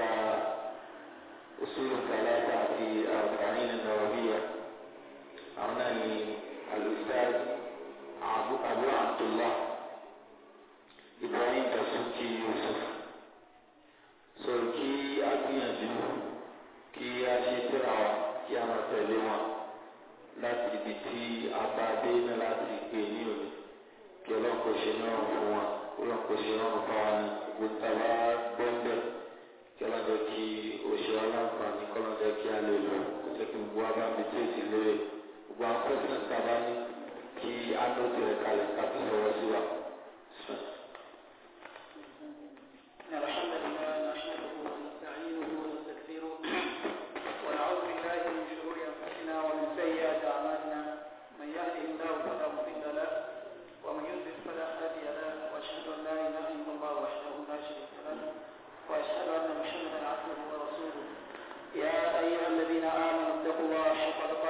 nípa usul thalatha àti uh, arba'in an-nawawiyya àwọn náà ni al-ustaz abu abu abdullah ibrahim dasuki yusuf so kí a gbìyànjú kí a ṣe tíra wa kí a máa tẹ̀lé wọn láti ibi tí a bá dé ní láti gbé ní òní kí ọlọ́run ṣe náà fún wọn ọlọ́run ṣe náà fún wa ní gbogbo tá a tí ọlá jẹ́ kí ó ṣe aláǹfààní kọ́lá jẹ́ kí a lè lò kó jẹ́ kí gbogbo abá mi tètè lérè e. gbogbo àwọn pẹ́sìtì tàbá ní kí á lóde rẹ̀ kalẹ̀ ká fi sí wa.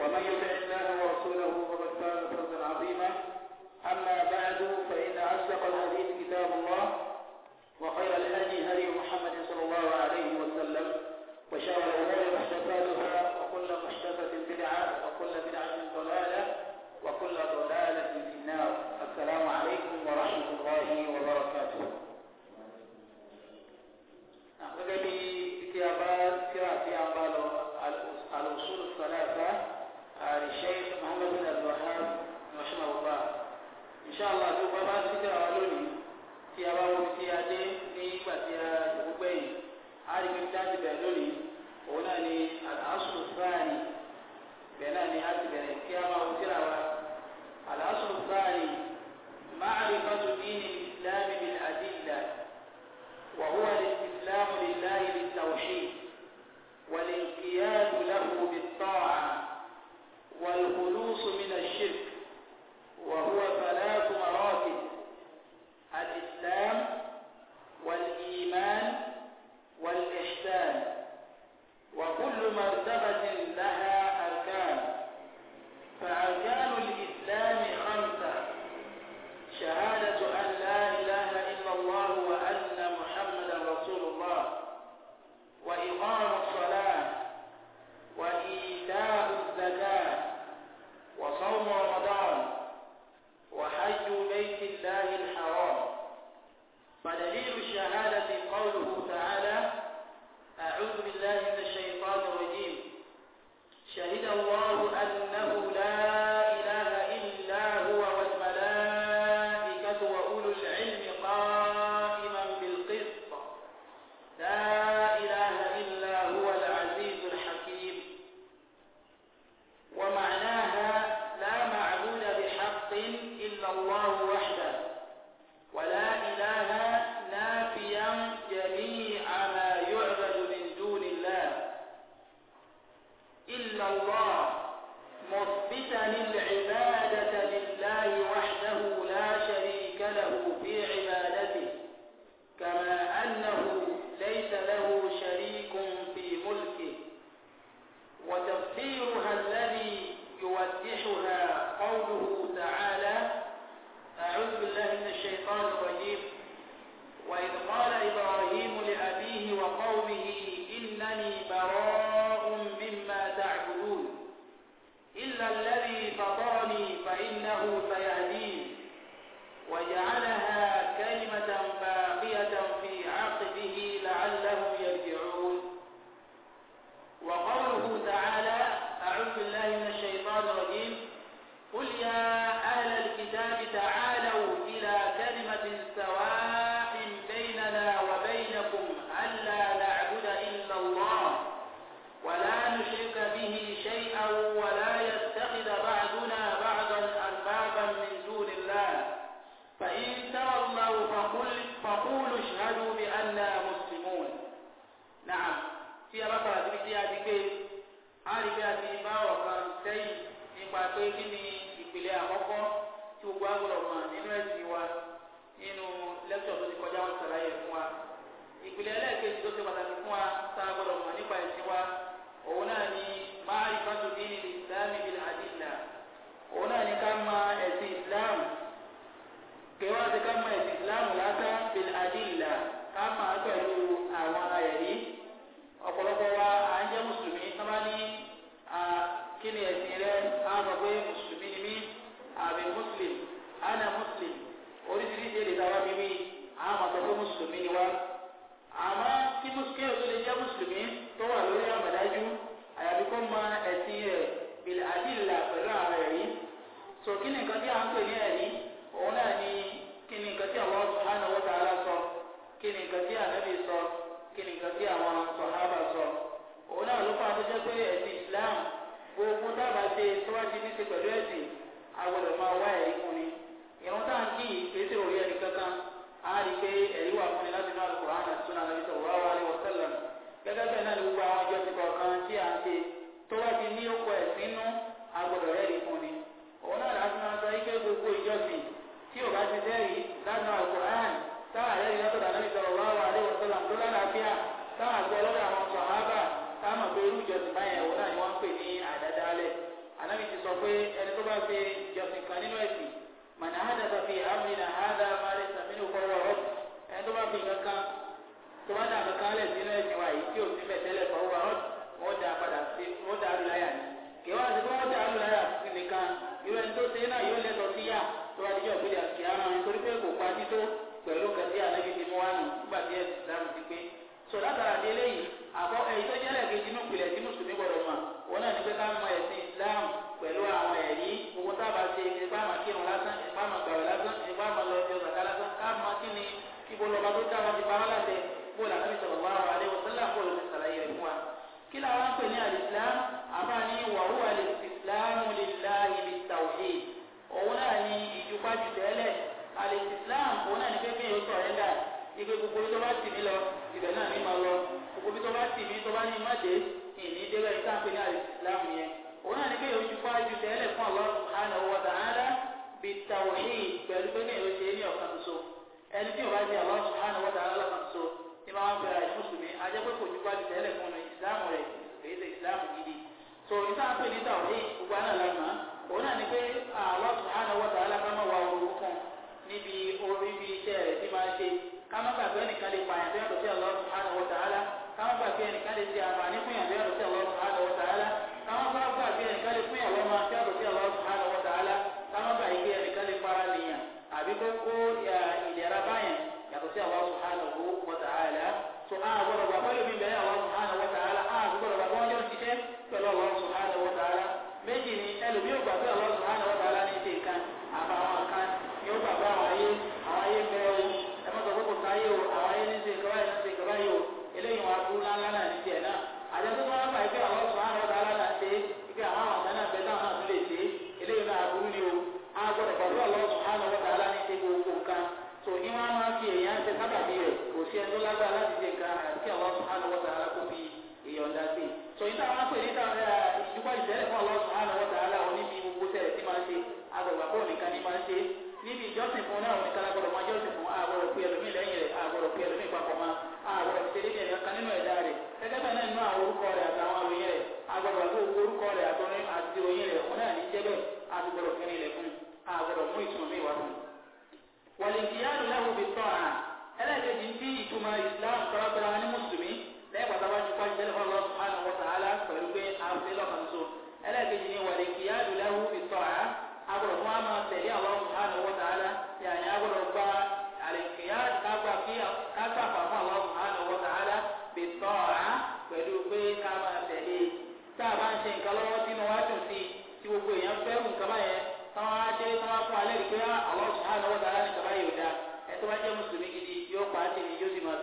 ومن يطع الله ورسوله فقد فاز فوزا عظيما أما بعد فإن أصدق الحديث كتاب الله وخير الهدي هدي محمد صلى الله عليه وسلم وشر الأمور محدثاتها وكل محدثة بدعة وكل بدعة ضلالة وكل ضلالة في النار السلام عليكم ورحمة الله وبركاته Kita bí tí a bá Hallelujah. tí gbogbo agbọ́dọ̀ mọ̀ nínú ẹ̀sìn wa nínú lẹ́kṣọ̀ tó ti kọjá wọn sàlàyé fún wa ìpìlẹ̀ ẹlẹ́ẹ̀kejì tó ṣe pàtàkì fún wa tá a gbọ́dọ̀ mọ̀ nípa ẹ̀sìn wa òun náà ni máa ìfàtò dínì ìsìlámì bíi àdìlà òun náà ni ká mọ ẹ̀sìn islam kéwàá ti ká mọ ẹ̀sìn islam lásán bíi àdìlà ká máa pẹ̀lú àwọn ẹ̀rí ọ̀pọ̀lọpọ̀ wa àbí muslim ana muslim oríṣiríṣi èdè táwa fi wí àwọn àmọ̀ pé mùsùlùmí ni wá àmọ́ kí mùsùlùmí tó lè jẹ́ mùsùlùmí tó wà lórí àmọ̀dájú àyàfi kó mọ ẹ̀sìn rẹ̀ bìlà àdìlà pẹ̀lú àwọn ẹ̀rí so kí ni nǹkan tí a ń pè ní ẹ̀rí òun náà ni kí ni nǹkan tí Allah subhanahu wa ta'ala sọ kí ni nǹkan tí ànábì sọ kí ni nǹkan tí àwọn sọ̀hábà sọ òun náà ló fà á tó jẹ́ pé ẹ̀sìn Islam gbogbo dábàá ṣe tó wá ti ní ṣe pẹ̀lú ẹ̀sìn agbọ́dọ̀ máa wá ẹ̀rí fún ni ìrún tá à ń kí yìí kìí ṣe òrí ẹni kankan á rí i pé ẹ̀rí wà fún ni láti náà Al-Qur'an àti Sunnah Nabi sallallahu alaihi wasallam gẹ́gẹ́ bẹ́ẹ̀ náà ni gbogbo àwọn ọjọ́ ti kọ̀ọ̀kan tí à ń ṣe tó wá ti ní ó kọ ẹ̀sìn nú agbọ́dọ̀ rẹ́rìí أحدث في أمرنا هذا ما ليس منه فهو عذر عندما في كان ثم دع مكالة سنة جوائي كيو سنة تلك فهو عذر موجع قد موجع الآيان كيوا سنة موجع الآيان nìkan irú ẹni tó ṣe náà yóò lẹ́tọ̀ọ́ sí yá tó wá díjọ́ òbí àti ara wọn torí pé kò pa tító pẹ̀lú kẹsí ànábi ti mú wá nù nígbà tí ẹ̀sìn dáhùn ti pé. sọ látara di eléyìí àkọ́ èyí tó jẹ́lẹ̀ kejì inú ìpìlẹ̀ tí mùsùlùmí gbọ́dọ̀ mọ̀ òun náà ní pé ká mọ ẹ̀sìn Islam pẹ̀lú àwọn ẹ̀rí owó tábà ṣe ìfipá àmàkírun lásán ọba tó dá wọn ti pa wọn láti bó la nàbí sọ̀rọ̀ wàhálà alẹ́ wọn sọ́lá kó ló ti sàlàyé rẹ̀ fún wa. kí la wá ń pè ní alìsílám àbá ní wàhúwà lè fi ìsìlámù lè la ibi tàwé òun náà ní ìjùpájú tẹ́lẹ̀ alìsílám òun náà ní pé kí yóò sọ̀rẹ́ dà ibi gbogbo tó bá tì mí lọ ibẹ̀ náà Allah subhanahu wa ta'ala bi tàwé pẹ̀lú pé ní yóò ẹni tí ò bá di Allah subhanahu wa ta'ala lọ́kàn so tí máa ń fẹ́ra ẹ̀ mùsùlùmí ajẹ́ pé kò ju pàdé tẹ́lẹ̀ fún un ìsìláàmù rẹ̀ èyí ṣe ìsìláàmù gidi so ìsáàpè ní tàwé gbogbo àná lọ́nà òun náà ni pé Allah subhanahu wa ta'ala ká máa wà orúkọ fún níbi orí bí iṣẹ́ rẹ̀ tí máa ṣe ká má gbàgbé ẹnìkan lè pààyàn bí ọ̀dọ̀ sí Allah subhanahu wa ta'ala ká má gbàgbé ẹnìkan lè ṣe àǹfààní fún yàn bí ọ̀dọ̀ sí Allah subhanahu wa ta'ala ká má gbàgbé ẹnìkan lè fún yàn lọ́mọ bí ọ̀dọ̀ sí Allah subhanahu wa ta'ala ká má gbàgbé ẹnìkan lè para nìyàn àbí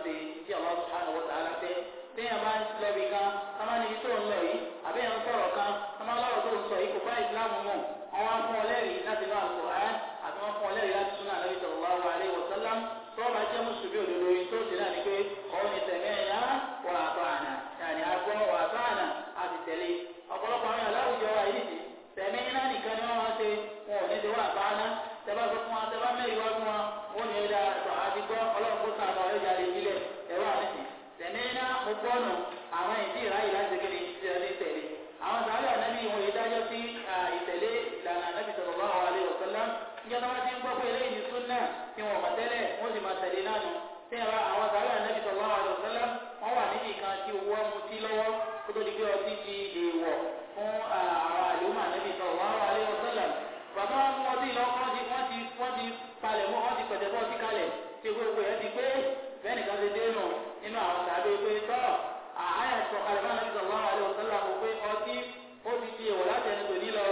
ṣe tí Allah subhanahu wa ta'ala fẹ́ bẹ́ẹ̀ máa ń lọ́bi kan a máa ní ibi tó ń lọ yìí àbẹ́ yẹn ń sọ̀rọ̀ kan a máa láwọ̀ tó ń sọ yìí kò bá ìsìláàmù mọ̀ wọ́n wá fún ọlẹ́rìí láti lọ Al-Qur'an àbí wọ́n fún ọlẹ́rìí láti súnà Nabi sallallahu alaihi wa sallam tó bá jẹ́ mùsùlùmí òdodo yìí tó sì náà ni pé ọ̀hún ni tẹ̀mí ẹ̀yà wà àbáànà yàní agbọ́ wà àbáànà a tẹ̀lé ọ̀pọ̀lọpọ̀ àwọn aláwùjọ wa yìí tẹ̀mí iná nìkan ni wọ́n wá ṣe wọn ò ní ti wà àbáànà tẹ àkọ́kọ́ nù àwọn ìdí ìráyè láti gbé ní ti ọdún tẹ̀lé àwọn sàárẹ̀ ànábì ìwọ̀n ìdájọ́ sí ìtẹ̀lé ìlànà ànábì sallallahu alaihi wasallam níjọ́ tó wọ́n ti ń gbọ́ pé eléyìí ní súnà tí wọ́n mọ̀ tẹ́lẹ̀ wọ́n sì máa tẹ̀lé náà nù tí àwọn sàárẹ̀ ànábì sallallahu alaihi wasallam wọ́n wà níbi kan tí owó ọmú sí lọ́wọ́ kó tó di pé ọtí ti èèwọ̀ fún àwọn àlùmọ̀ ànábì sallallahu alaihi wasallam bàbá wọn ti sọ̀kalẹ̀ náà nígbà wọn àlẹ́ òsèlú àwọn pé ọtí ó ti di èèwọ̀ láti ẹni tòní lọ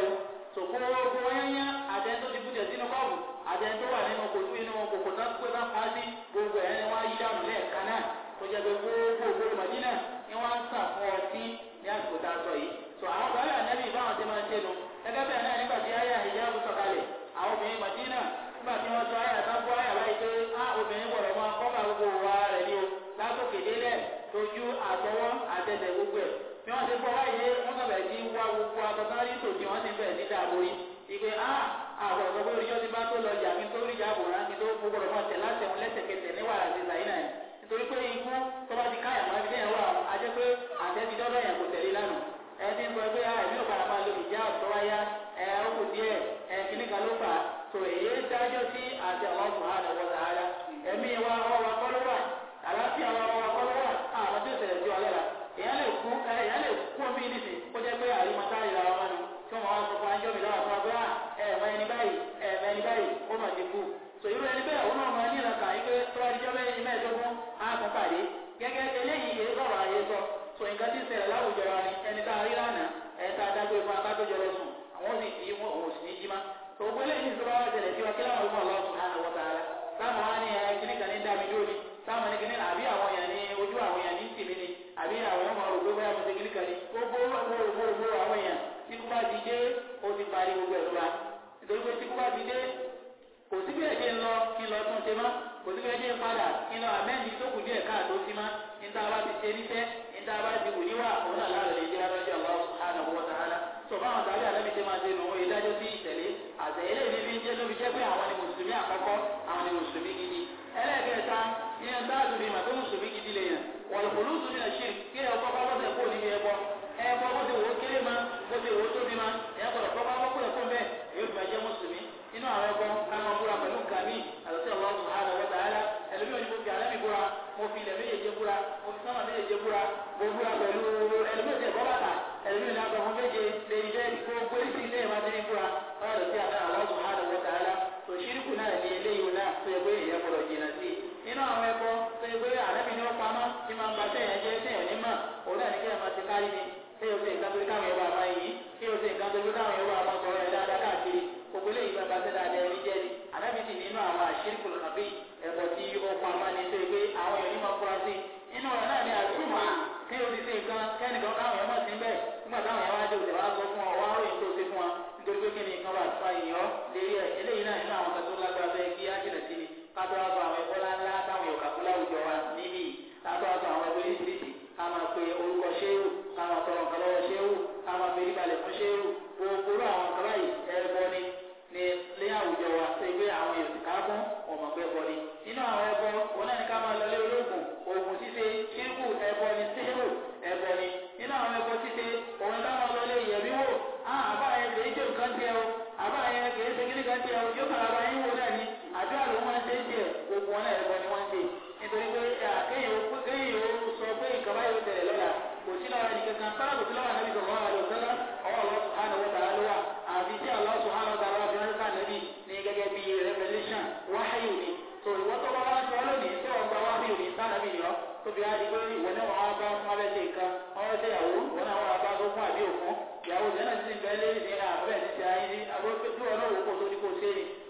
tò fún ogun ẹyẹ àtẹni tó ti bùjẹ sínú kọ́ọ̀bù àtẹni tó wà nínú kòtú inú kòkò tó pé bá pa sí gbogbo ẹni wọn yí dànù lẹ́ẹ̀kan náà tó jẹ pé gbogbo ògbóló màdínà ni wọn ń sà fún ọtí ní àsìkò tá a sọ yìí tò àwọn bàbá ànábì báwọn ti máa ń ṣe nu gẹ́gẹ́ bẹ́ẹ̀ náà nígbà tí ayé àyè yàgò sọ̀kalẹ̀ bí wọ́n ti bọ́ wáyé wọ́n kàn bẹ̀rẹ̀ sí wá gbogbo àtọ̀tán rí tòkì wọ́n ti bẹ̀rẹ̀ sí dààbò yìí ìgbé a àwọn ọ̀sán pé oríṣi ọtí bá tó lọ jà mí tó rí ìjà àbòrán mi tó gbogbo ọ̀rọ̀ tẹ̀ láti ẹ̀hún lẹ́sẹ̀kẹsẹ̀ ní wàrà àti ìlànà ẹ̀ nítorí pé ikú tó bá ti káyà máa fi dẹ́yẹ̀ wà á jẹ́ pé àtẹ́bí dọ́dọ̀ yẹn kò tẹ̀lé lánàá ẹni ń sọ pé a ẹ̀mí ọ̀padà máa lo ìjà ọ̀tọ́ wáyá ẹ̀ ó kù díẹ̀ ẹ̀ kíní kan ló fà á tó èyí dájọ́ sí àti àwọn ọ̀sán àdàwọ̀ sàárà ẹ̀mí wa ọwọ́ wa kọ́ ló wà àlàáfíà wa so irú ẹni bẹ́ẹ̀ òun náà máa ní ìlànà ìgbé tọ́lájọ́ bẹ́ẹ̀ ní mẹ́ẹ̀ẹ́dógún ààbùn pàdé gẹ́gẹ́ eléyìí èyí sọ̀rọ̀ àyè sọ so nǹkan tí ń ṣẹlẹ̀ láwùjọ wa ni ẹni tá a rí lánàá ẹni tá a dágbé fún abájọjọ lọ sùn àwọn sì kì í wọn òun sì ní jí má so gbogbo eléyìí sọ wọn ṣẹlẹ̀ sí wa kí láwọn ọmọ ọlọ́sùn hàn wọ́n tààrà táwọn wá ní ẹ kíní kan ní dàbí lórí táwọn ní kíní àbí àwọn èèyàn ní ojú àwọn èèyàn ní ni àbí àwọn ọmọ ògbó bóyá mo ti kíní kan ní gbogbo gbogbo gbogbo àwọn èèyàn tí kúbá ti dé bí ẹ̀jẹ̀ ń lọ kí n lọ tún ṣe mọ́ kò sí bí ẹ̀jẹ̀ ń padà kí n lọ àmẹ́ni tó kù díẹ̀ káàtó sí mọ́ níta bá ti ṣe níṣẹ́ níta bá ti wù níwà òun náà láàrẹ̀ lè jẹ́ arájọ́ Allah subhanahu wa ta'ala tó bá wọn tàbí àlẹ́ mi ṣe máa ṣe nù òun ìdájọ́ sí ìtẹ̀lé àtẹ̀yẹlẹ́ mi fi ń jẹ́ lóbi jẹ́ pé àwọn ni mùsùlùmí àkọ́kọ́ àwọn ni mùsùlùmí gidi ẹlẹ́ẹ̀kẹta ní ẹ̀ ń dáàbò ní màtó mùsùlùmí gidi lè yàn wọ̀lùkùlù tún ní ẹ̀ṣin kí ẹ̀ ọkọ̀ bọ́ tẹ̀ kó níbi ẹbọ ẹbọ bó ti wò ó kéré ma bó ti wò ó tóbi ma ẹ̀ gbọ́dọ̀ kọ́ bá wọ́pọ̀ ẹ̀kọ́ bẹ́ẹ̀ èyí ò fẹ́ jẹ́ mùsùlùmí inú àwọn ẹgbẹ́ káwọn búra pẹ̀lú nǹkan míì àlọ́sí àwọn ọmọ àwọn ọ̀wọ́ tààlà ẹlòmí òní mo fi àlẹ́ mi búra mo fi ilẹ̀ méjèèjì búra mo fi sọ́nà méjèèjì búra mo búra pẹ̀lú ẹlòmí òní ẹ̀kọ́ bàtà ẹlòmí òní àgbà fún méje lèyí jẹ́ gbogbo èsì ilé ìwà tẹ́lẹ̀ búra àlọ́sí àwọn ọmọ àwọn ọ̀wọ́ tààlà òṣìríkù náà ní eléyìí náà tó yẹ pé èèyàn gbọdọ̀ jìnnà sí inú àwọn ẹ̀kọ́ tó yẹ pé àrẹ́bí ni wọ́n pamọ́ táwọn èèyàn kàkú láwùjọ wa níbí látọ̀ọ̀tọ̀ àwọn ẹgbẹ́ oríṣiríṣi ká máa pe orúkọ ṣéwù ká máa tọrọ nǹkan lọ́wọ́ ṣéwù ká máa fi ìbàlẹ̀ fún ṣéwù gbogbo àwọn nǹkan báyìí ẹbọ ni ní ilé àwùjọ wa ṣe pé àwọn èèyàn kà á fún ọmọ pé ẹbọ ni nínú àwọn ẹbọ òun náà ni ká máa lọlé olóògùn òògùn ṣíṣe ṣírkù ẹbọ ni ṣírkù ẹbọ ni nínú àwọn ẹbọ ṣíṣe òun ni ká máa lọlé ìyẹ̀wíwò àbáyẹ kìí ṣe nǹkan tiẹ̀ o àbáyẹ kìí ṣe kíníkan tiẹ̀ o yóò fara ba yín wò wọn náà ẹ̀wọ́ ni wọ́n ń ṣe nítorí pé kéèyàn ó sọ pé nǹkan báyìí ó tẹ̀lé lọ́la kò sí lára ẹnì kankan sábà kò sí lára ẹnì kankan wà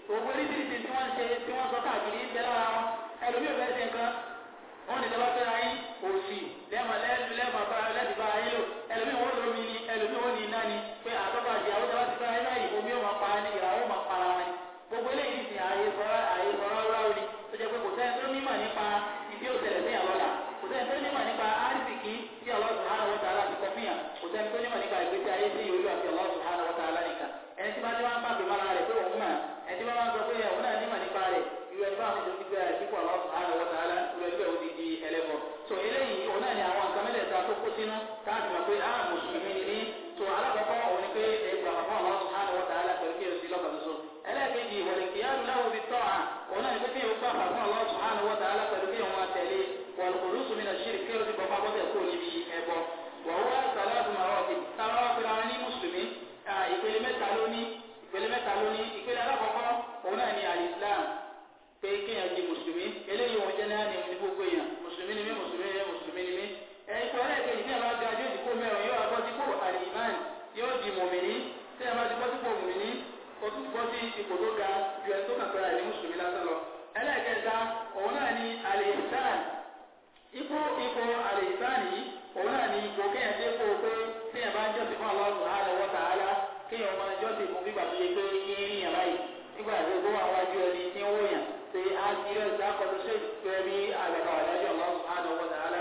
òògùn oríṣiríṣi tí wọ́n ń ṣe tí wọ́n sọ káàkiri ń bẹ lára wọn ẹlòmíì fẹ́ ṣe nǹkan wọ́n ní ìjọba fẹ́ra yín òsì lẹ́mọ̀ lẹ́nu lẹ́mọ̀ bá lẹ́nu bá yín lò ẹlòmíì wọ́n lómi ni ẹlòmíì wọ́n ní iná ni pé àtọ́gbà àti àwọn ìjọba ti fẹ́ra yín báyìí omi ò máa pa ni ìràwọ̀ máa para wọn ni gbogbo eléyìí ti ààyè sọ̀rọ̀ ààyè sọ̀rọ̀ ráwọ̀ ni tó jẹ́ pé kò sẹ́ni tó nímọ̀ nípa ìdí ẹni tí bá ti wá ń pàṣẹ mára tí wọ́n máa ń sọ pé ẹ̀wọ̀n náà nímọ̀ nípa rẹ̀ irú ẹni báwọn ti gbé ẹ̀ dípò àwọn subhanahu wa ta'ala irú ẹgbẹ́ òdi di ẹlẹ́bọ. tó eléyìí òun náà ni àwọn nǹkan mẹ́tẹ̀ẹ̀ta tó kó sínú káàdì mọ̀ pé a ah, mùsùlùmí ni ní tó alákọ̀ọ́kọ́ òun ni pé ẹgbà fún àwọn subhanahu wa ta'ala pẹ̀lú kí kàn pẹ́ra ẹni mùsùlùmí lásán lọ ẹlẹ́ẹ̀kẹta òun náà ni alẹ́sàn ipò ipò alẹ́sàn yìí òun náà ni ipò kéèyàn dé kó o pé téèyàn bá ń jọ́sìn fún Allah subhanahu wa ta'ala kéèyàn ọmọ jọ́sìn fún bíbà tó yẹ pé kí ń rìn yàn báyìí nígbà tó tó wà wájú ẹni tí ń wòyàn ṣe á ti rẹ̀ ṣe àkọ́tù ṣe fẹ́ bí àgbàkà wà lájú Allah subhanahu wa ta'ala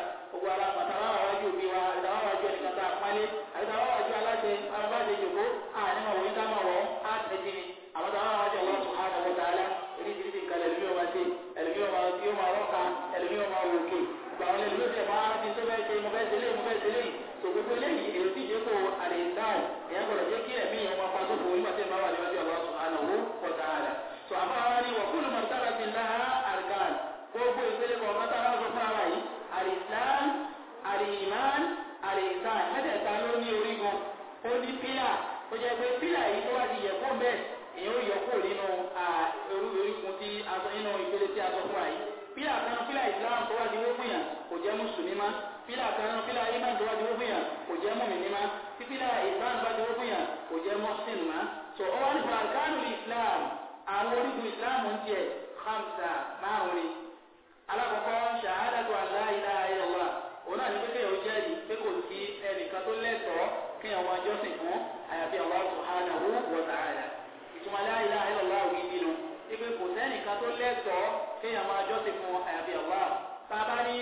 gbogbo gbọ́dọ̀ jẹ́ kí ẹ̀mí yẹn wọn pàtó fún nígbà tí ẹ̀ bá wà níwájú Allah subhanahu wa ta'ala. sọ àbára ni wọ̀kúlù mọ̀tàlá ti láha arkan gbogbo ìpele kan mọ́tàlá sọ fún ara yìí àrìsán Ariman, àrìsán mẹ́tẹ̀ẹ̀ta ló ní orígun ó ní pílà ó jẹ́ pé pílà yìí tó wá di yẹ̀ fún bẹ́ẹ̀ èèyàn ó yọ kúrò nínú orígun tí a sọ nínú ìpele tí a sọ fún àyè fílà kan fílà islam tó wá di wó fún yàn kò jẹ́ mùsùlùmí má fílà kan fílà iman tó wá di wó fún yàn kò jẹ́ mùmìnì má tí fílà islam bá di wó fún yàn kò jẹ́ mùsùlùmí má. tó o wá ní barakanu islam àwọn orígun islam ń tiẹ̀ hamsa márùn ni. alákọ̀ọ́kọ́ shahadatu ala ilaha illallah òun náà ní pé kéèyàn jẹ́rìí pé kò sí ẹnìkan tó lẹ́tọ̀ọ́ kéèyàn wá jọ́sìn fún àyàfi Allah subhanahu wa ta'ala ìtumọ̀ la ilaha illallah òun ìbínú ibi kò sẹ́nìkan tó lẹ́tọ̀ọ́ kéèyàn máa jọ́sìn fún àyàfi Allah tá a bá ní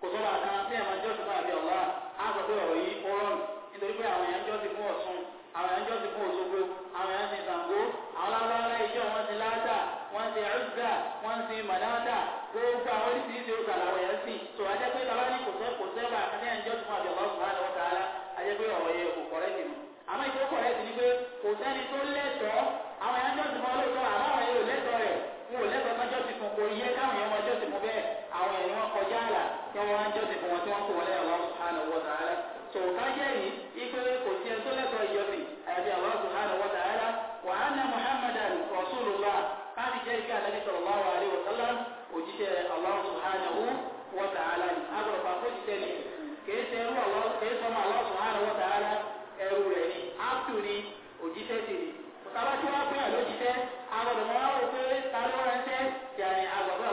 kò sọ́ba kan kéèyàn máa jọ́sìn fún àyàfi Allah á sọ pé ọ̀rọ̀ yìí ó rọrùn nítorí pé àwọn èèyàn jọ́sìn fún Ọ̀ṣun àwọn èèyàn jọ́sìn fún Òṣogbo àwọn èèyàn ti Ṣàngó àwọn aláwọ̀lá iṣẹ́ wọn ti láàdà wọ́n ti Uzza wọ́n ti màdáàdà gbogbo àwọn oríṣiríṣi oṣù àlàwọ̀ yẹn sì tó ajẹ́ pé tàbá ní kò sẹ́ kò sẹ́bà ní ẹ̀ńjọ́ tó máa bẹ̀rẹ̀ ọ̀sùn láàrín ọ̀tá ni pé kò àwọn yẹn jọ́sìn fún ọlọ́ọ̀tọ́ àmọ́ àwọn yẹn ò lẹ́tọ̀ọ́ rẹ̀ wọn ò lẹ́tọ̀ọ́ kan jọ́sìn fún kò yẹ káwọn yẹn wọn jọ́sìn fún bẹ́ẹ̀ àwọn yẹn wọn kọjá àlà tí wọ́n ń jọ́sìn fún wọn tí wọ́n kò wọlé àwọn subhanahu wa ta'ala tó kájẹ́ yìí ipe kò sí ẹni tó lẹ́tọ̀ọ́ ìjọsìn àyàfi àwọn subhanahu wa ta'ala wa anna muhammadan rasulullah káàdì jẹ́ ibi tàbá tí wọ́n pè é lójijẹ́ àwọn ọ̀dọ̀mọ́ wọn wò pé ta ló ránṣẹ́ yàrá àgbàgbọ́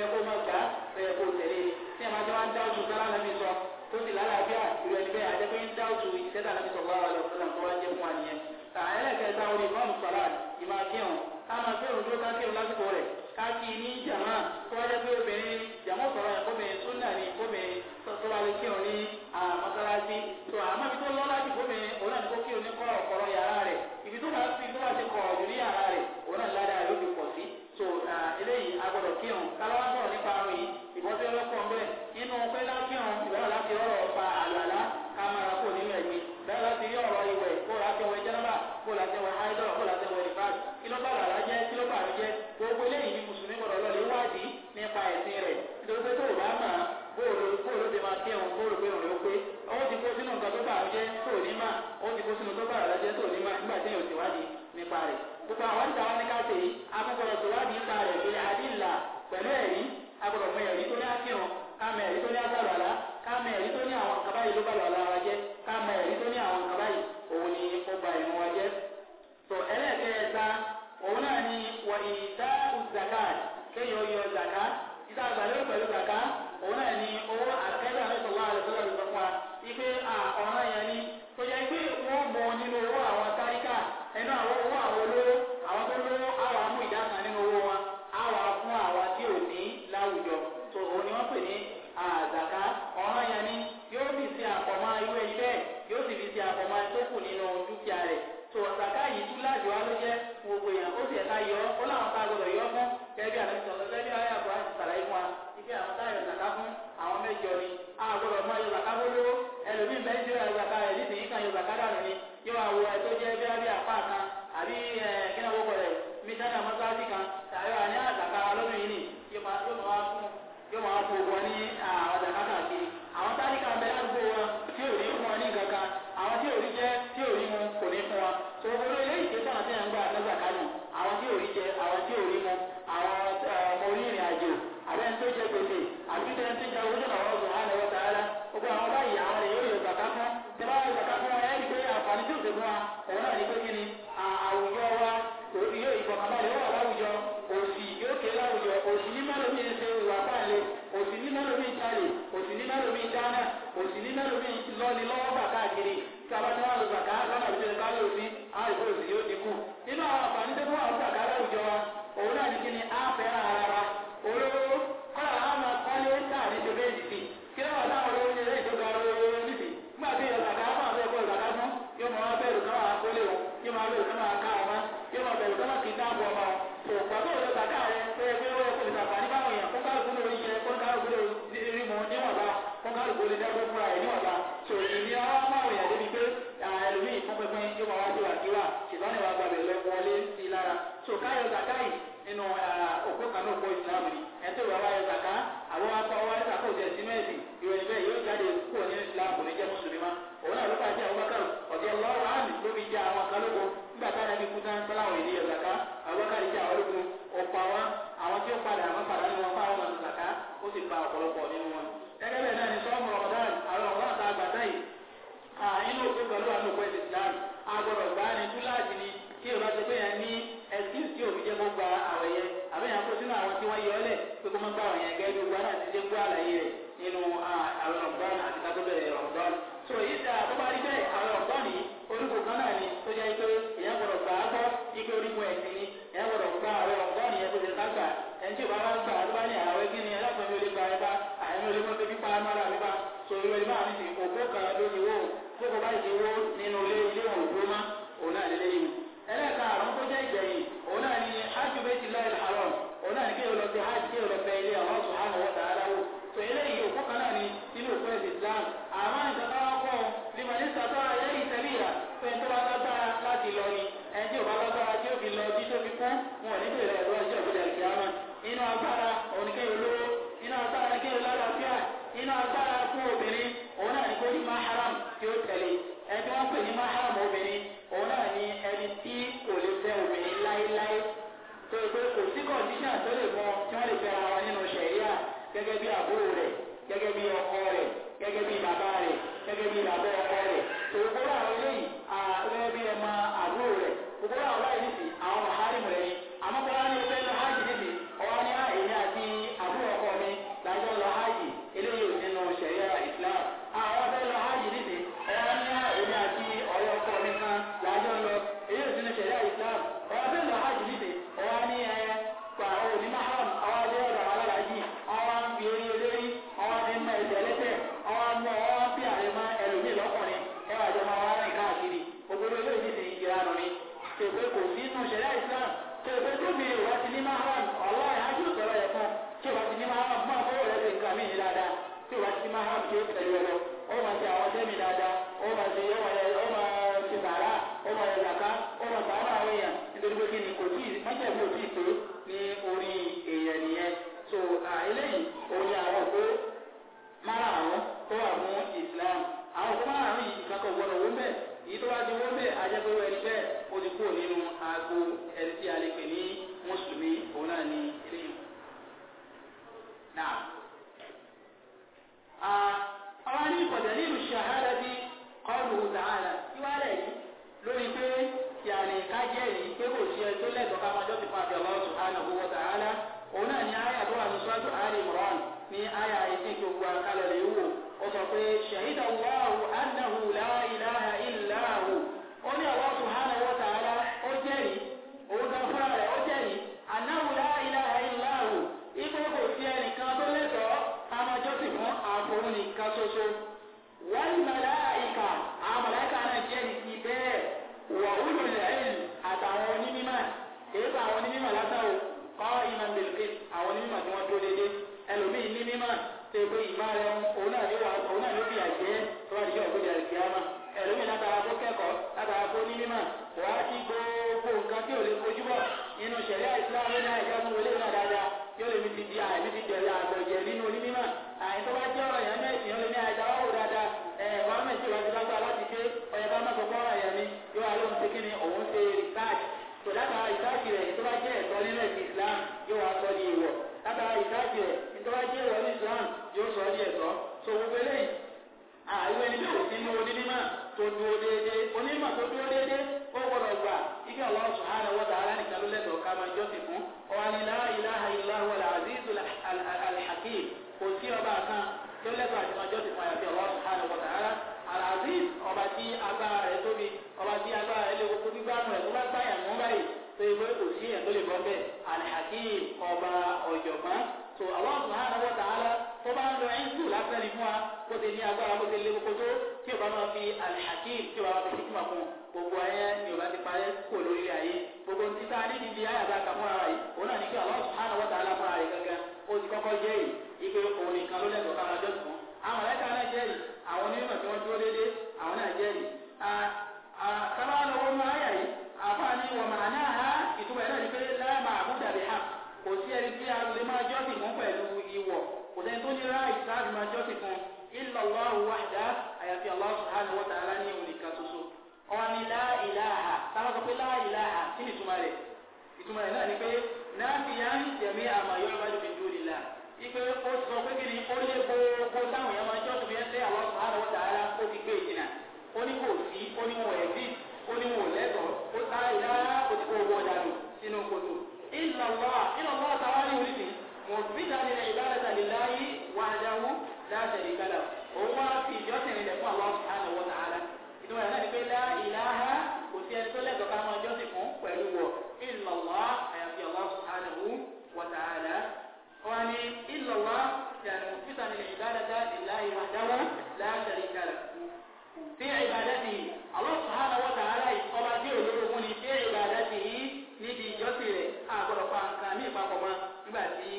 yẹ kó máa gbà ó yẹ kó tẹ̀lé ní e. ẹ̀ máa jẹ́ wọn dáwọ́tù sára lẹ́mí sọ tó sì lálàáfíà ìlú ẹni bẹ́ẹ̀ àjẹpé ń dáwọ́tù ìṣẹ́dá lẹ́mí sọ wàhálà lọ sílẹ̀ tó wá jẹ́ fún àníyàn. ẹlẹ́kẹ̀ẹ́ta orí ìmọ̀ọ́mù sọ̀rọ̀ ìmọ̀ akíhùn ká máa kírun dúró ká lásìkò rẹ̀ ká ní jàmá tó wájẹ́ pé obìnrin jàmá sọ̀rọ̀ kálọ́ wá sọ̀rọ̀ nípa àrùn yìí ìbọ́sẹ̀ ọlọ́kọ̀ ń nínú láti ọ̀rọ̀ pa àlùalá ká mara kó nínú bẹ́ẹ̀ láti rí ọ̀rọ̀ ìwẹ̀ kó láti kó láti kó láti ìfà làlá jẹ́ mi jẹ́ gbogbo eléyìí ni mùsùlùmí gbọdọ̀ lọ lè bá mà bóòlù bóòlù ti máa kírun bóòlù pé òun ló pé ó ti kó sínú nǹkan tó bá jẹ́ tó ní mà ó ti kó sínú tó bá jẹ́ tó ní mà nígbà tí èèyàn ti wádìí pẹ̀lú ẹ̀rí agbọ́dọ̀ mọ ẹ̀rí tó ní akírun ká mọ ẹ̀rí tó ní agbára àlá ká mọ ẹ̀rí tó ní àwọn kaba yìí ló bá lọ́la wa jẹ́ ká mọ ẹ̀rí tó ní àwọn kaba yìí òun ni ó gba ìmọ̀ wa jẹ́. tó ẹlẹ́ẹ̀kẹta òun náà ni wọ̀nyí dá àfáà kan àbí ẹ̀ kí náà wọ́pọ̀ rẹ̀ mísánà mọ́sáàsì kan mẹ́lòmí dáná òsì ní mẹ́lòmí lọ́ni lọ́wọ́ gbà káàkiri sábàtì wà lọ gbàgbà lọ́nà ìjọba ìbálò sí àìsí òsì yóò dínkù nínú àwọn àǹfààní tó fún àwọn gbàgbà láwùjọ wa òun náà ní kí ni á fẹ́ padà àwọn padà ní wọn fún àwọn ọ̀nà ó sì ba ọ̀pọ̀lọpọ̀ nínú wọn. gẹ́gẹ́ bẹ́ẹ̀ náà ni sọ́ọ̀mù rọ̀mọdán àwọn ọ̀gá àti àgbàdá yìí inú òkú pẹ̀lú àwọn òkú ẹ̀sìn Islam agbọ̀dọ̀ gbá ni túláàjì ni kí o bá ti pé yẹn ní excuse tí òbí jẹ́ kó gba àwẹ̀ yẹn àbẹ́ yẹn kó sínú àwọn tí wọ́n yọ ọ́lẹ̀ pé kó má gbà wọ̀nyẹn gẹ́gẹ́ so yìí dáa tó ní òkú kan lónìí wò. jẹ́rìí pé kò sí ẹjọ́ lẹ́tọ̀ọ́ ká máa jọ́ ti pàdé Allah subhanahu wa ta'ala òun náà ní àyà tó wà ní sọ́dọ̀ Ali Imran ní àyà ìsìn tó gba kalẹ̀ lè wò ó sọ pé shahida Allahu annahu la ilaha illa hu ó ní àwọn ṣe pé ìmá rẹ òun náà ló wà òun náà ló fi àjẹ́ tó wà níbi ọ̀gbọ́dẹ̀ àìsíámà ẹ̀lómi látara kó kẹ́kọ̀ọ́ látara kó ní mímọ̀ wà á ti gbogbo nǹkan tí ò lè fojú bọ̀ nínú ṣẹ̀ríà Islam ní àìjá fún wọlé náà dáadáa yóò lè mi ti di àìní ti jẹ̀rẹ̀ àgbẹ̀jẹ̀ nínú onímọ̀ àìtọ́ bá jẹ́ ọ̀rọ̀ yẹn mẹ́sìn ó lè ní àìjá wà wò dáadáa ẹ̀ wà mẹ́sìn wà ti bá gbà láti gbé ọ̀yẹ̀ bá mẹ́sàn fún ọ̀rọ̀ yẹn ni yóò wá lóun ṣe kí ni òun ṣe research so látara research rẹ̀ tó Islam yóò wá sọ ní ìwọ̀ látara research alhakim kò sí ọba kan tó lẹ́gbàá tí wọ́n jọ́ ti fún àyàfi Allah subhanahu wa ta'ala alaziz ọba tí agbára rẹ̀ tóbi ọba tí agbára rẹ̀ lè kókó gbígbá mọ̀ ẹ̀ tó bá gbá yàn mú báyìí tó ìwé kò sí ẹ̀ tó lè bọ́ bẹ́ẹ̀ alhakim ọba ọ̀jọ̀gbọ́n so Allah subhanahu wa ta'ala tó bá ń lọ ẹ́ńtù lásán ni fún wa kó ti ní agbára kó ti lé kókó tó tí ọba máa fi alhakim tí ọba máa fi hikima fún gbogbo ayé ni ọba ti parẹ́ kó lórí ayé gbogbo ní ó ti kọ́kọ́ jẹ́ yìí ike òun nìkan ló lẹ́tọ̀ọ́ káwọn ọjọ́ sùn. àwọn ẹ̀ka náà jẹ́ yìí àwọn onímọ̀ tí wọ́n dúró dédé àwọn náà jẹ́ yìí. kábàá lọ́wọ́ nínú àyà yìí àfáà ní wọ̀n màá náà ìtumọ̀ ẹ̀ náà nígbà tí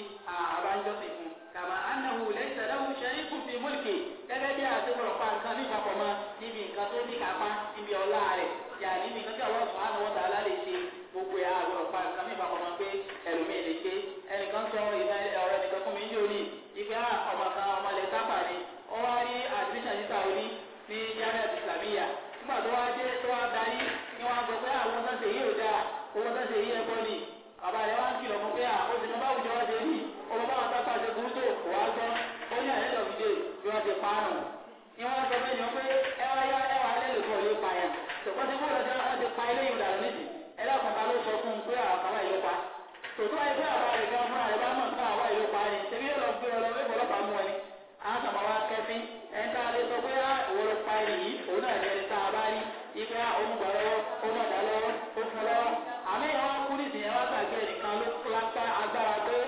àbájọ́ sì fún kàmá anahu lẹ́sẹ̀ lẹ́hùn ṣẹ́rí kù fi múlìkì gẹ́gẹ́ bí àtẹ́gbọ̀rọ̀ pa nǹkan ní ìpapọ̀ mọ́ níbi nǹkan tó ní kápá níbi ọlá rẹ̀ yà níbi nǹkan tí Allah subhanahu wa ta'ala lè ṣe gbogbo ẹ̀ àgbọ̀rọ̀ pa nǹkan ní ìpapọ̀ mọ́ pé ẹlòmíì lè ṣe ẹnìkan sọ ìdáyẹ ni wọ́n sọ fún yín pé ẹ wá yá ẹ wà lẹ́lẹ̀ kọ́ yóò pa yẹn tòkọ́ ti wọ́n lọ sí wọn ti pa ilé yìí dàrú níbi ẹ lọ́kàn bá ló sọ fún un pé àbáwá yóò pa tòtò ayé pé àbá rẹ̀ kan fún àrẹ bá mọ̀ nípa àwa yóò pa ni ṣebí yóò lọ gbé ọ lọ wípé ọlọ́pàá mú ẹni àwọn kàmá wa kẹfín ẹni tá a lè sọ pé á òun ló pa ẹni yìí òun náà ní ẹni tá a bá rí ife gbà lọ́wọ́ ó mọ̀ lọ́wọ́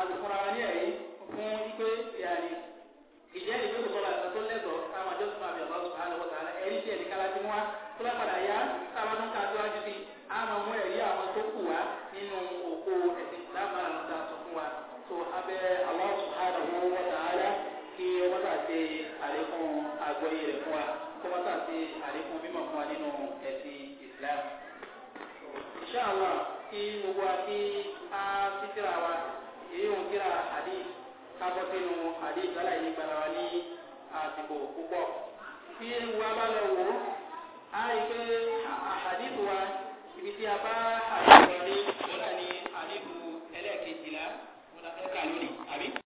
alùpùpù ara ní ẹ̀rí fún ipe ìyàní ìjẹ́ ìlú ìsọ̀rọ̀ àti tó lẹ́tọ̀ọ́ káwọn àjọ sùnmọ́ àbíọ̀bá sùnmọ́ àlọ́wọ́ tààlà ẹ̀rí tí ẹ̀rí kálájú wá tó lápadà yá táwọn tó ń ka síwájú sí àmọ́ mú ẹ̀rí àwọn tó kù wá nínú òkú ẹ̀sìn ìsìlámù àlùdà sọ fún wa tó abẹ́ àwọn sùnmọ́ àlọ́wọ́ tààlà kí wọ́n tà sí àlékún àgbọ́yé rẹ̀ fún wa kó wọ́n tà sí àlékún mímọ̀ fún wa nínú ẹ̀sìn ìsìlámù. Insha Allah kí gbogbo wa kí á títí ra wa èyí wọn kíra àdé kábọ́ sínú àdé ìgbàlá yìí gbàlá wa ní àsìkò púpọ̀. bí wa bá lọ wò ó a rí pé àhàdé tó wa ibi tí a bá àdé lọ rí wọn náà ní àdé tó ẹlẹ́ẹ̀kejìlá wọn náà fẹ́ kà lónìí àbí.